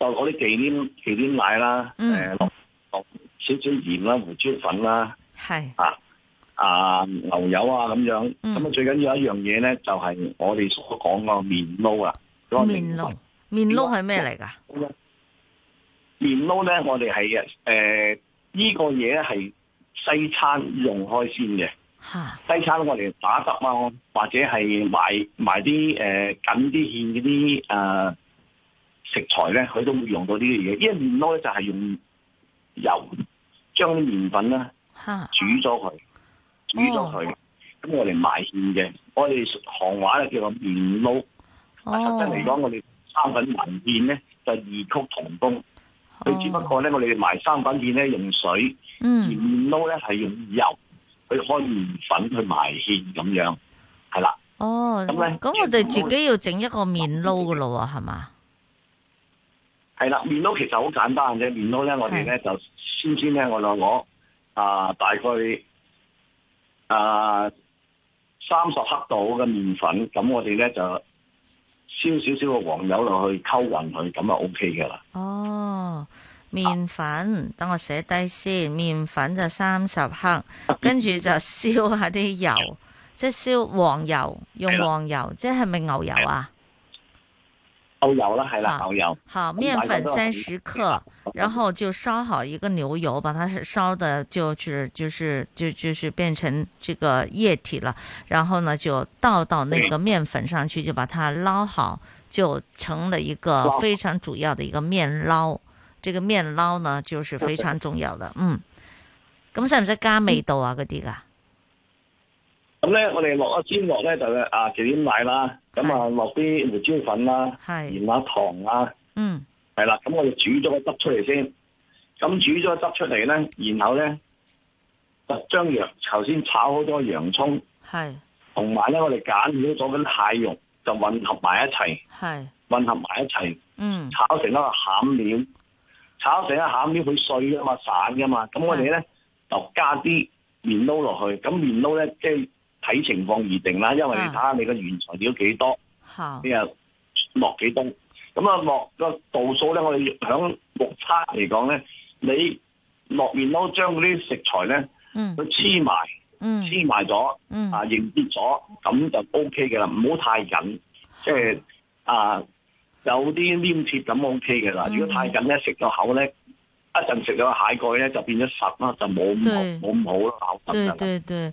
就攞啲忌廉、忌廉奶啦，誒、嗯，落落少少鹽啦、胡椒粉啦。係啊啊牛油啊咁樣。咁、嗯、啊最緊要一樣嘢咧，就係、是、我哋所講個麵撈啊。麵撈麵撈係咩嚟噶？麵撈咧，我哋係嘅，誒、呃，呢個嘢咧係西餐用開先嘅。 西餐我哋打汁啊，或者係買買啲緊啲芡嗰啲食材咧，佢都會用到呢啲嘢。因為麵撈咧就係、是、用油將啲麵粉咧 煮咗佢，煮咗佢，咁 我哋賣芡嘅，我哋行話咧叫做麵撈。 實際嚟講，我哋三品文芡咧就異、是、曲同工。佢、哦、只不過咧，我哋埋生粉片咧用水，麵撈咧係用油去開麵粉去埋芡咁樣，係啦。哦，咁咧，咁我哋自己要整一個麵撈噶咯，係嘛？係啦，麵撈其實好簡單嘅。麵撈咧，我哋咧就先先咧，我就攞啊大概啊三十克度嘅麵粉，咁我哋咧就。燒少少個黃油落去，溝匀佢，咁就 O K 嘅啦。哦，麵粉，啊，等我寫低先。麵粉就三十克， 跟住就燒下啲油， 即係燒黃油，用黃油，是即係咪牛油啊？牛油了係啦，牛油。好，麵粉三十克，嗯然嗯，然後就燒好一個牛油，把它燒的，就是，就是就是就就是變成這個液體了。然後呢，就倒到那個麵粉上去，就把它撈好，就成了一個非常主要的一個麵撈。嗯、這個麵撈呢，就是非常重要的。嗯，咁使唔使加味道啊？嗰啲噶？咁咧，我哋落一煎落咧就係啊忌廉奶啦，咁啊落啲胡椒粉啦，鹽啊糖啦。嗯，係啦，咁我哋煮咗個汁出嚟先，咁煮咗個汁出嚟咧，然後咧，將羊頭先炒好多洋葱，係，同埋咧我哋揀咗咗根蟹肉，就混合埋一齊，係，混合埋一齊，嗯，炒成一個餡料，炒成一個餡料，佢碎噶嘛，散噶嘛，咁我哋咧就加啲麵撈落去，咁麵撈咧即係。就是睇情況而定啦，因為你睇下你個原材料幾多，啊，你又落幾多，咁啊落個度數咧，我哋響目測嚟講咧，你落麵都將嗰啲食材咧，佢黐埋，黐埋咗，啊凝結咗，咁就 O K 嘅啦，唔好太緊，即係、就是、啊有啲黏貼咁 O K 嘅啦。如果太緊咧，食咗口咧，一陣食咗個蟹蓋咧就變咗實啦，就冇冇咁好啦，咬得嘅啦。對對對。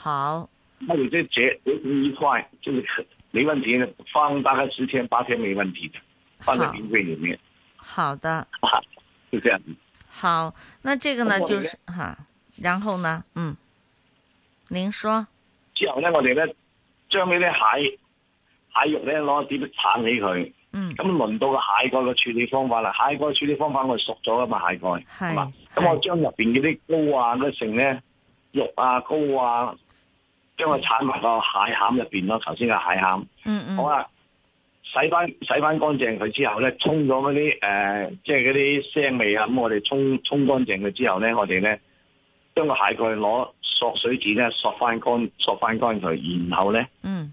好，那你只節留成一塊，就是沒問題，放大概十天八天沒問題的，放在冰櫃裏面。好的，好，就這樣。好，那這個呢，就是哈、嗯，然後呢，嗯，您說。之後呢，我哋咧將呢啲蟹蟹肉咧攞點樣鏟起佢？嗯，咁輪到個蟹蓋嘅處理方法啦。蟹蓋處理方法我熟咗噶嘛，蟹蓋係，咁我將入邊嗰啲膏啊、嗰成咧肉啊、膏啊。將佢鏟埋個蟹餡入邊咯，頭先個蟹餡嗯，嗯好啦，洗翻洗翻乾淨佢之後咧，沖咗嗰啲誒，即係嗰啲腥味啊。咁我哋沖沖乾淨佢之後咧，我哋咧將個蟹蓋攞索水紙咧索翻乾索翻乾佢，然後咧、嗯，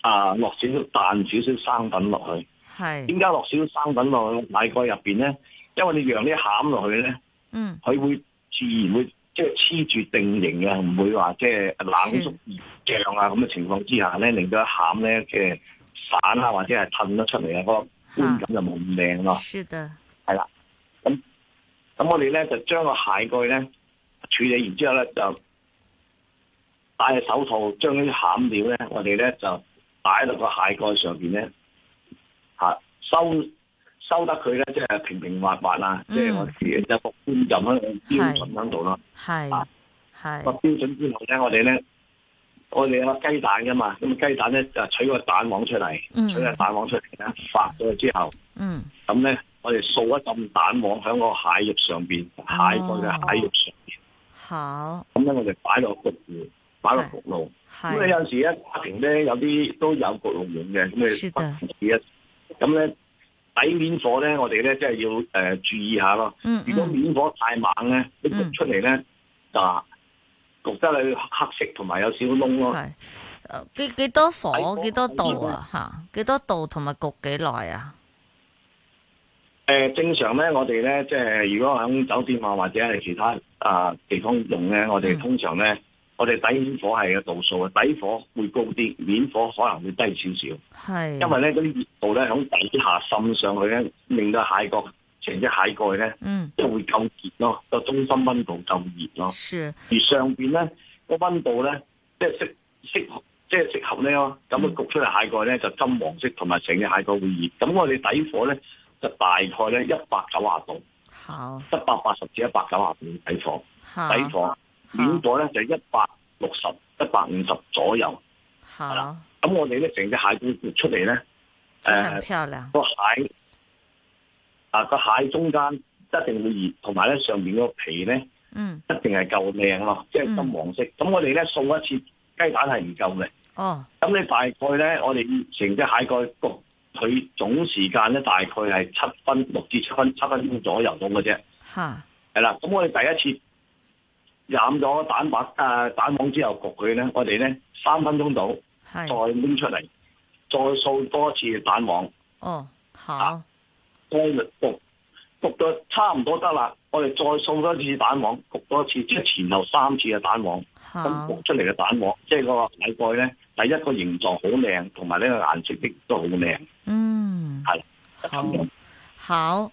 啊落少少彈少少生粉落去。係點解落少少生粉落去蟹蓋入邊咧？因為你讓啲餡落去咧，嗯，佢會自然會。即係黐住定型啊，唔會話即係冷縮熱脹啊咁嘅情況之下咧，令到餡咧嘅散啊或者係褪咗出嚟啊，嗰個觀感就冇咁靚咯。是的，係啦，咁咁我哋咧就將個蟹蓋咧處理完之後咧就戴隻手套將啲餡料咧，我哋咧就擺喺度個蟹蓋上邊咧，吓、啊、收。收得佢咧，即、就、係、是、平平滑滑啦、嗯。即係自己就伏標準咧、啊、標準響度咯。係，個標準之後咧，我哋咧，我哋有個雞蛋噶嘛，咁雞蛋咧就取個蛋黃出嚟、嗯，取個蛋黃出嚟咧，發咗之後，咁、嗯、咧我哋掃一浸蛋黃響個蟹肉上邊，蟹蓋嘅蟹肉上邊。好、哦。咁咧我哋擺落焗擺落焗爐。咁你有時咧家庭咧有啲都有焗爐用嘅，咁咪不時一咁咧。底面火咧，我哋咧即係要、呃、注意下咯。如果面火太猛咧、嗯，焗出嚟咧，嗯、就焗得你黑色同埋、嗯、有少窿咯。係、嗯，幾幾多火，底火？幾多度啊？嚇、啊？幾多度？同埋焗幾耐啊、呃？正常咧，我哋咧即係如果喺酒店啊，或者係其他啊、呃、地方用咧、嗯，我哋通常咧。我哋底火係有度數嘅，底火會高啲，面火可能會低少少。係，因為咧，啲熱度咧響底下滲上去咧，令到蟹角成隻蟹蓋咧，嗯，即係會夠熱咯，個中心溫度夠熱咯。而上邊咧個溫度咧，即係適適即係適合咧，咁樣焗出嚟蟹蓋咧就金黃色，同埋成隻蟹蓋會熱。咁我哋底火咧就大概咧一百九啊度，一百八十至一百九啊度底火，底火。蜆蓋咧就一百六十、一百五十左右，係啦，咁我哋咧成隻蟹蓋出嚟咧，誒，個、呃、蟹啊個蟹中間一定會熱，同埋咧上面嗰個皮咧，嗯，一定係夠靚咯，即係金黃色。咁、嗯、我哋咧送一次雞蛋係唔夠嘅，哦。咁你大概咧，我哋成隻蟹蓋焗佢總時間咧，大概係七分六至七分七分鐘左右到嘅啫，吓。係啦，咁我哋第一次。染咗蛋白誒、呃、蛋黃之後焗佢咧，我哋咧三分鐘到，再拎出嚟，再掃多次蛋黃。哦、oh，好，高、啊、力焗焗，焗到差唔多得啦，我哋再掃多次蛋黃，焗多次，即係前後三次嘅蛋黃。咁焗出嚟嘅蛋黃，即係個蟹蓋咧，第一個形狀好靚，同埋呢個顏色亦都好靚。嗯，係。哦，好。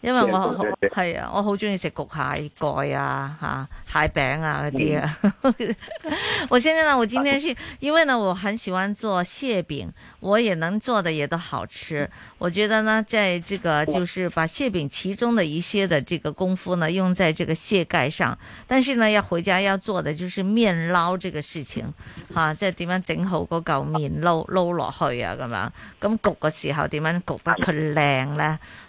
因為我係啊、嗯，我好中意食焗蟹蓋啊，嚇蟹餅啊嗰啲啊。啊 我現在呢，我今天係，因為呢，我很喜歡做蟹餅，我也能做的也都好吃。我覺得呢，在這個就是把蟹餅其中的一些的這個功夫呢，用在這個蟹蓋上。但是呢，要回家要做的就是麵撈這個事情，即係點樣整好個嚿麵撈撈落去啊咁樣。咁焗嘅時候點樣焗得佢靚呢？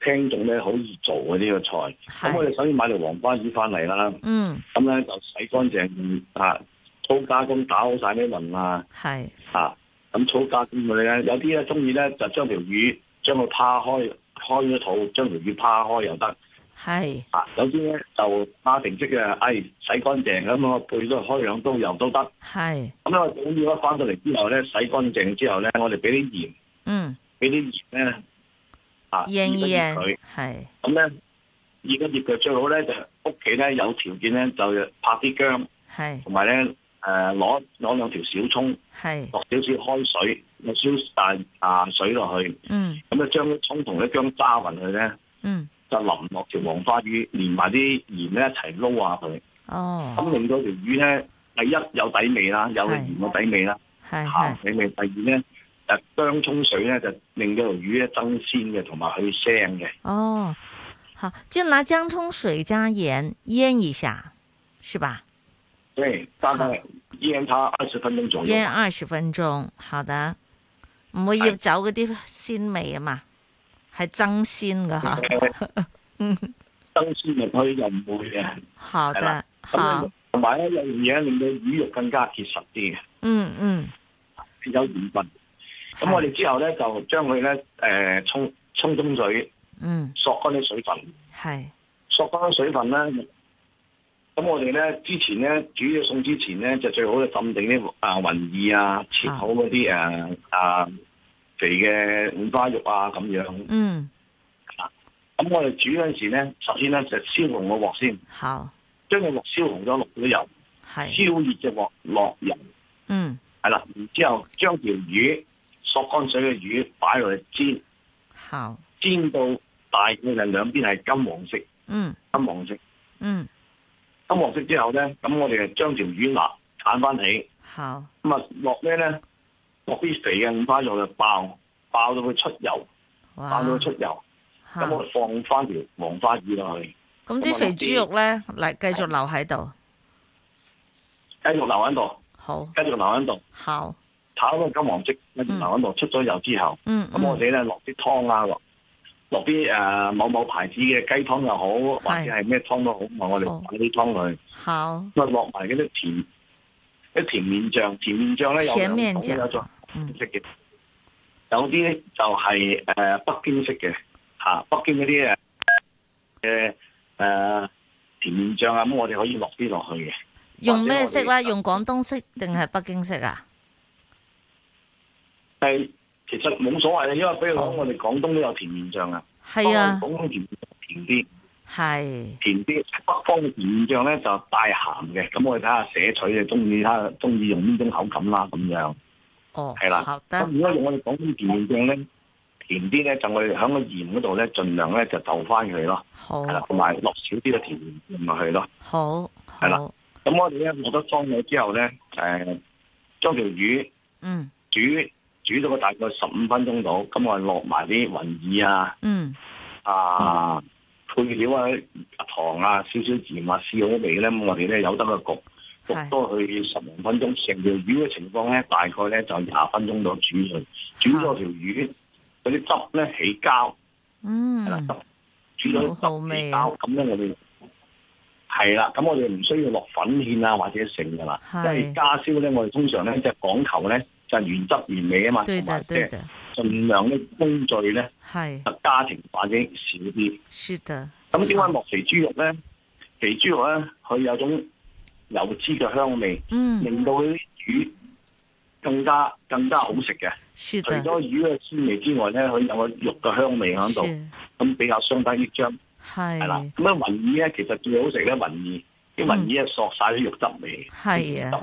聽眾咧好易做嘅呢、這個菜，咁我哋首先買條黃花魚翻嚟啦，咁、嗯、咧就洗乾淨，啊，粗加工打好晒啲鱗啊，係，啊，咁粗加工嘅咧，有啲咧中意咧就將條魚將佢扒開，開咗肚，將條魚扒開又得，係，啊，有啲咧就扒成隻嘅，哎，洗乾淨咁我配咗開兩刀又都得，係，咁咧我魚一翻到嚟之後咧，洗乾淨之後咧，我哋俾啲鹽，嗯，俾啲鹽咧。啊，醃一醃佢係，咁咧，而家醃嘅最好咧就屋企咧有條件咧就拍啲薑，係，同埋咧誒攞攞兩條小蔥，係，落少少開水，落少晒啊水落去，嗯，咁咧將啲蔥同啲薑揸勻佢咧，嗯，就淋落條黃花魚，連埋啲鹽咧一齊撈下佢，哦，咁令到條魚咧第一有底味啦，有鹽嘅底味啦，鹹底味，底味底味第二咧。誒，薑蔥水咧就令到條魚咧增鮮嘅，同埋去腥嘅。哦，好，就拿薑蔥水加鹽醃一下，是吧？對，大概醃它二十分鐘左右。醃二十分鐘，好的。唔會醃走嗰啲鮮味啊嘛，係增鮮噶吓。嗯，增鮮入去以又唔會嘅。好的，的的呵呵的的好，的好。同埋一有樣嘢令到魚肉更加結實啲嘅。嗯嗯，有鹽分。咁我哋之後咧就將佢咧誒沖沖咗水，嗯，索乾啲水分，係，索乾水分咧。咁我哋咧之前咧煮餸之前咧就最好就浸定啲啊雲耳啊，切好嗰啲誒啊，啊肥嘅五花肉啊咁樣，嗯，啊，咁我哋煮嗰陣時咧，首先咧就燒紅個鑊先，好，將個鑊燒紅咗落啲油，係，燒熱隻鑊落油，嗯，係啦，然之後將條魚。索乾水嘅魚擺落去煎，煎到大概就兩邊係金黃色，嗯，金黃色，嗯，金黃色之後咧，咁我哋就將條魚拿鏟翻起，咁啊落咩咧？落啲肥嘅五花肉就爆，爆到佢出油，爆到佢出油，咁我放翻條黃花魚落去，咁啲肥豬肉咧嚟繼續留喺度，繼續留喺度，好，繼續留喺度，好。炒到金黃色，一熱頭嗰度出咗油之後，咁、嗯嗯、我哋咧落啲湯啦，落落啲誒某某牌子嘅雞湯又好，或者係咩湯都好，咁我哋擺啲湯落去，咁啊落埋嗰啲甜一甜，麵醬甜麵醬麵醬，甜麵醬咧又有種、嗯，有咗食嘅。有啲咧就係誒北京式嘅嚇，北京嗰啲誒誒誒甜麵醬啊，咁我哋可以落啲落去嘅。用咩式咧？用廣東式定係北京式啊？係，其實冇所謂嘅，因為比如講，我哋廣東都有甜麵醬啊。係啊，廣東甜麵醬甜啲。係。甜啲，北方嘅甜麵醬咧就帶鹹嘅，咁我哋睇下，捨取啊，中意睇下，中意用呢種口感啦、啊，咁樣。哦。係啦。得。咁如果用我哋廣東甜麵醬咧，甜啲咧，就我哋響個鹽嗰度咧，盡量咧就投翻佢咯。好。係啦，同埋落少啲嘅甜麵醬入去咯。好。係啦。咁我哋咧，冇得裝咗之後咧，誒，將條魚。嗯。煮。煮咗個大概十五分鐘到，咁我落埋啲雲耳啊，嗯，啊配料啊糖啊少少鹽啊試好味咧，我哋咧有得個焗，焗多佢十五分鐘。成條魚嘅情況咧，大概咧就廿分鐘到煮完，煮咗條魚嗰啲，啊，汁咧起膠，嗯，係啦，煮到起膠，咁，嗯，咧，啊，我哋係啦，咁我哋唔需要落粉芡啊或者剩噶啦，因為家燒咧我哋通常咧即係講求咧。就是、原汁原味啊嘛，即係盡量咧工序咧，就家庭化啲少啲。是的。咁點解落肥豬肉咧？肥豬肉咧，佢有一種油脂嘅香味，嗯、令到啲魚更加更加好食嘅。是的。除咗魚嘅鮮味之外咧，佢有個肉嘅香味響度，咁比較相得益彰。係。係啦，咁啊雲耳咧，其實最好食嘅雲耳，啲雲耳係索晒啲肉汁味。係啊。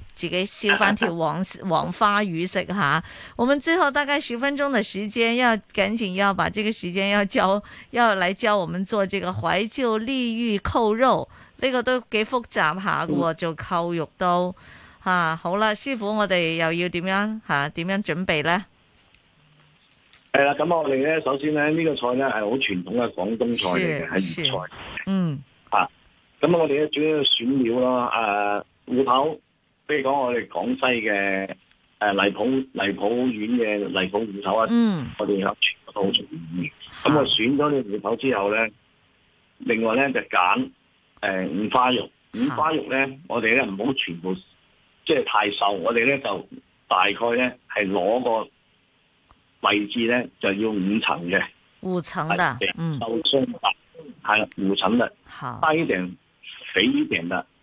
自己燒翻條黃黃花魚食下，我們最後大概十分鐘的時間，要趕緊要把這個時間要教要來教我們做這個懷舊荔芋扣肉，呢個都幾複雜下嘅，做扣肉都吓、啊，好啦，師傅我哋又要點樣吓？點樣準備咧？係啦，咁我哋咧，首先咧呢個菜咧係好傳統嘅廣東菜係粵菜，嗯，吓，咁我哋咧主要選料啦，誒芋頭。比如講我哋廣西嘅誒荔浦荔浦縣嘅荔浦芋頭啊，我哋、嗯、全部都屬於五，咁我選咗呢芋頭之後咧，另外咧就揀誒、呃、五花肉。五花肉咧，我哋咧唔好全部即係太瘦，我哋咧就大概咧係攞個位置咧就要五層嘅，五層嘅、嗯，瘦中帶係五層嘅，大一點、肥一點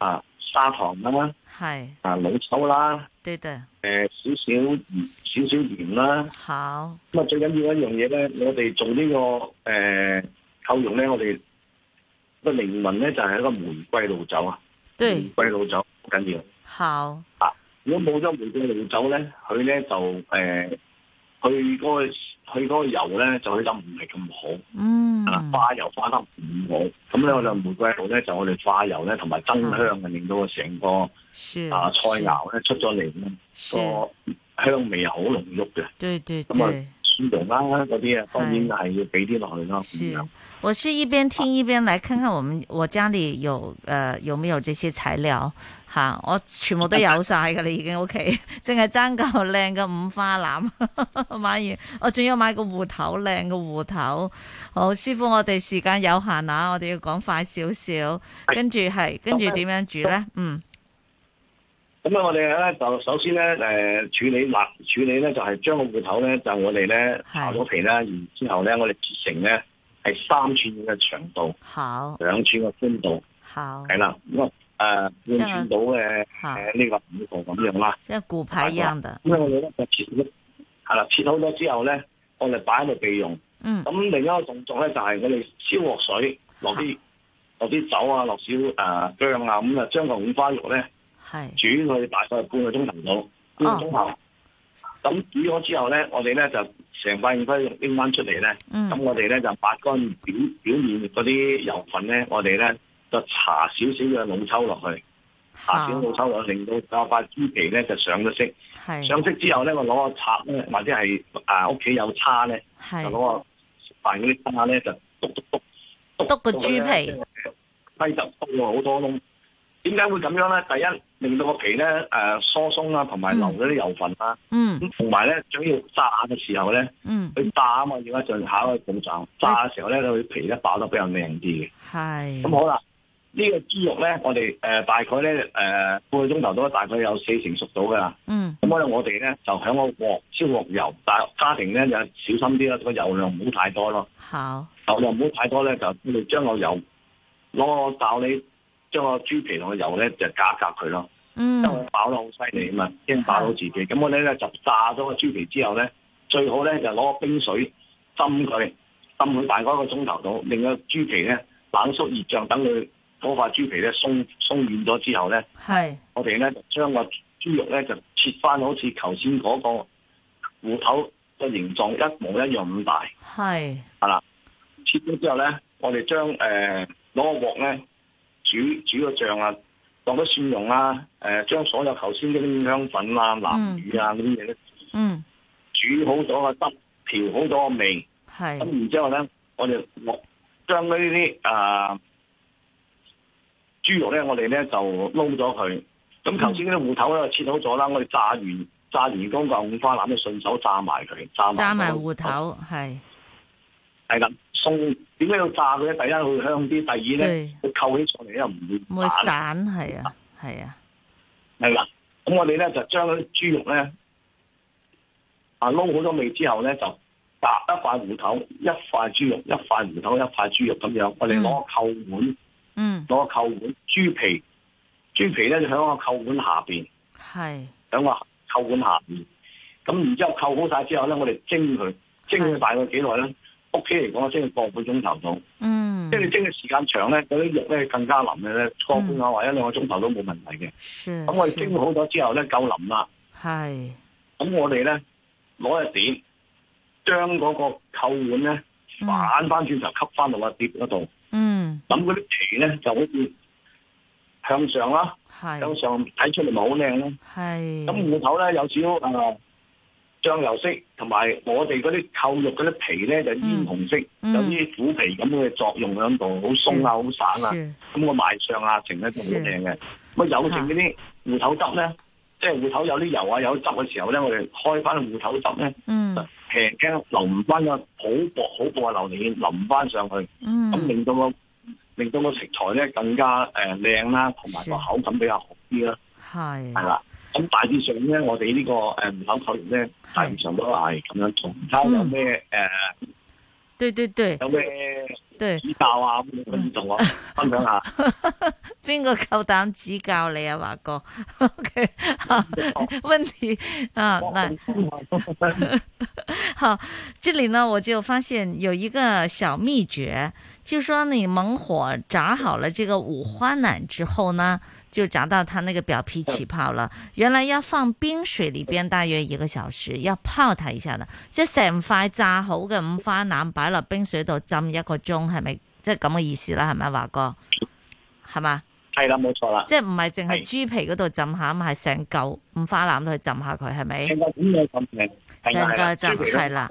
啊，砂糖啦，啊，係，啊老抽啦，啊，對誒、呃、少少少少鹽啦，啊，好。咁啊最緊要的一樣嘢咧，我哋做，這個呃、呢個誒扣肉咧，我哋個靈魂咧就係，是，一個玫瑰露酒啊，玫瑰露酒好緊要。好。啊，如果冇咗玫瑰露酒咧，佢咧就誒。呃佢嗰、嗰個佢個油咧就佢就唔係咁好，嗯，花油花得唔好，咁、嗯、咧我哋玫瑰度咧就我哋化油咧同埋增香，嗯、整啊，令到個成個啊菜肴咧出咗嚟個香味又好濃郁嘅，對對，對，咁啊。啲啊，當然係要俾啲落去咯。我是一邊聽一邊來看看，我們我家裏有誒、呃、有沒有這些材料吓、啊？我全部都有晒噶啦，已經 O K，淨係爭嚿靚嘅五花腩買完，我仲要買個芋頭，靚嘅芋頭。好，師傅，我哋時間有限啊，我哋要講快少少，跟住係跟住點樣煮呢？嗯。咁啊，我哋咧就首先咧，誒處理辣處理咧，就係將個芋頭咧，就我哋咧下咗皮啦，然之後咧，我哋切成咧係三寸嘅長度，好兩寸嘅寬度，好係啦，咁誒，兩、呃、寸到嘅誒呢個五度咁樣啦，即係骨牌一樣嘅。咁我哋咧就切，係啦，切好咗之後咧，我哋擺喺度備用。嗯。咁另一個動作咧，就係我哋燒鑊水，落啲落啲酒啊，落少誒薑啊，咁啊，將個五花肉咧。煮佢大概半個鐘頭到，半個鐘頭。咁、哦、煮咗之後咧，我哋咧就成塊面批拎翻出嚟咧。咁、嗯、我哋咧就抹乾表表面嗰啲油份咧，我哋咧就搽少少嘅老抽落去，搽少老抽落，令到塊豬皮咧就上咗色。上色之後咧，我攞個叉咧，或者係啊屋企有叉咧，就攞個飯嗰啲叉咧，就篤篤篤篤個豬皮，批就篤咗好多窿。點解會咁樣咧？第一令到個皮咧，誒、呃，疏鬆啦，同埋留嗰啲油份啦、啊。嗯、mm. mm.。咁同埋咧，仲要炸嘅時候咧，嗯，佢炸啊嘛，要一陣下個步驟。炸嘅時候咧，佢、hey. 皮咧爆得比較靚啲嘅。係、hey. 嗯。咁好啦，呢個豬肉咧，我哋誒、呃、大概咧，誒、呃、半個鐘頭到，大概有四成熟到噶。Mm. 嗯。咁我哋咧就響個鑊燒鑊油，但係家庭咧就小心啲啦，個油量唔好太多咯。好。油量唔好太多咧，就你將個油攞個勺你。將個豬皮同個油咧就夾一夾佢咯，嗯，因為佢爆得好犀利啊嘛，驚爆到自己。咁我哋咧就炸咗個豬皮之後咧，最好咧就攞個冰水浸佢，浸佢大概一個鐘頭度。令個豬皮咧冷縮熱脹，等佢嗰塊豬皮咧鬆鬆軟咗之後咧，係，我哋咧將個豬肉咧就切翻好似頭先嗰個芋頭嘅形狀一模一樣咁大，係，係啦，切咗之後咧，我哋將誒攞個鑊咧。煮煮個醬啊，放咗蒜蓉啦，誒，將所有頭先啲香粉啊、南乳啊啲嘢咧，煮好咗個汁，調好咗個味，咁然之後咧，我哋我將嗰啲啲豬肉咧，我哋咧就撈咗佢。咁頭先啲芋頭咧切好咗啦，我哋炸完炸完個五花腩，就順手炸埋佢，炸埋芋頭，係。是係咁，餸，點解要炸佢咧？第一佢香啲，第二咧佢扣起上嚟，又唔會散，係啊，係啊，係啦。咁我哋咧就將啲豬肉咧，啊撈好多味之後咧，就搭一塊芋頭，一塊豬肉，一塊芋頭，一塊豬肉咁樣。我哋攞個扣碗，嗯，攞個扣碗，豬、嗯、皮，豬皮咧就響個扣碗下邊，係響個扣碗下邊。咁然之後扣好晒之後咧，我哋蒸佢，蒸大概幾耐咧？屋企嚟講，蒸個半鐘頭到，即係你蒸嘅時間長咧，嗰啲肉咧更加腍嘅咧，個半啊或一兩、嗯、個鐘頭都冇問題嘅。咁我哋蒸好咗之後咧，夠腍啦。係，咁我哋咧攞一隻碟將嗰個扣碗咧反翻轉頭吸翻落個碟嗰度。嗯，咁嗰啲皮咧就好似向上啦，向上睇出嚟咪好靚咯。係，咁芋頭咧有少少誒。呃醬油色，同埋我哋嗰啲扣肉嗰啲皮咧就煙紅色，嗯、有啲虎皮咁嘅作用喺、嗯、度，好鬆啊，好散啊，咁個賣相呀、成呢就好靚嘅。咁啊有剩嗰啲芋頭汁咧、啊，即係芋頭有啲油啊，有汁嘅時候咧，我哋開翻芋頭汁咧，平、嗯、驚、啊、淋翻個好薄好薄嘅榴蓮淋翻上去，咁、嗯、令到個令到個食材咧更加誒靚啦，同埋個口感比較好啲咯。係係啦。咁大致上咧，我哋呢、這個誒門、呃、口，口人咧係唔上得嚟咁樣。而家有咩誒、嗯呃？對對對，有咩指教啊？咁仲我分享下，邊個夠膽指教你啊，華哥？OK，好、哦、問題、哦、啊，來， 好，這裏呢，我就發現有一個小秘訣，就說你猛火炸好了這個五花腩之後呢？就炸到他那個表皮起泡了，原來要放冰水裏邊大約嗯，一個小時，要泡它一下的。即係成塊炸好嘅五花腩擺落冰水度浸一個鐘，係咪即係咁嘅意思啦？係咪啊華哥？係嘛？係啦，冇錯啦。即係唔係淨係豬皮嗰度浸下咁，係成嚿五花腩都去浸下佢，係咪？成個整嘢浸完，成個浸係啦。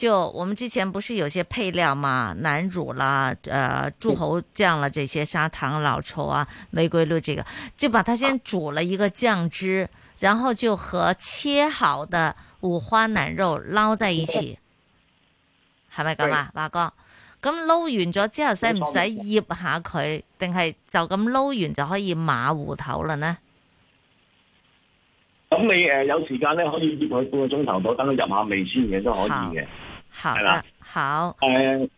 就我們之前不是有些配料嘛，南乳啦，呃，柱侯醬啦，這些砂糖、老抽啊、玫瑰露，這個就把它先煮了一個醬汁，然後就和切好的五花腩肉撈在一起，係咪咁啊，華哥？咁、嗯、撈完咗之後，使唔使腌下佢，定係就咁撈完就可以馬芋頭啦呢？咁你誒、呃、有時間咧，可以腌佢半個鐘頭到，等佢入下味先嘅都可以嘅。好好啦、啊，好，誒，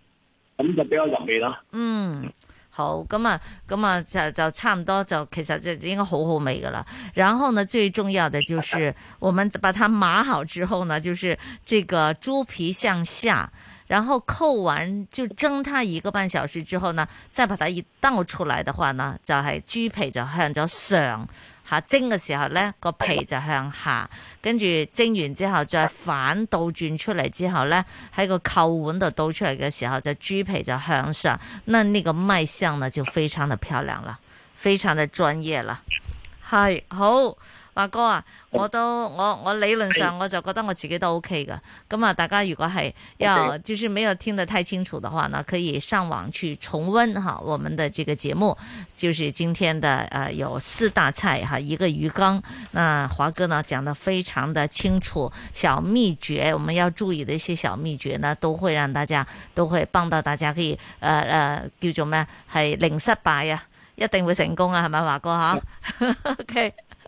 咁就比較入味啦。嗯，好，咁啊，咁啊就就差唔多就其實就應該好好味噶啦。然後呢，最重要的就是我們把它碼好之後呢，就是這個豬皮向下，然後扣完就蒸它一個半小時之後呢，再把它一倒出來的話呢，就係豬皮就向咗上。下蒸嘅時候呢個皮就向下，跟住蒸完之後再反倒轉出嚟，之後呢，喺個扣碗度倒出嚟嘅時候就豬皮就向上，那呢個賣相呢就非常的漂亮啦，非常的專業啦，係好。華哥啊，我都我我理論上我就覺得我自己都 OK 噶。咁啊，大家如果係要，okay. 就是沒有聽得太清楚的話呢，呢可以上網去重溫吓我們的這個節目。就是今天的誒、呃，有四大菜哈，一個魚缸。那、呃、華哥呢講得非常的清楚，小秘訣，我們要注意的一些小秘訣呢，都會讓大家都會幫到大家，可以誒誒、呃呃、叫做咩係零失敗啊，一定會成功啊，係咪華哥哈、yeah. ？OK。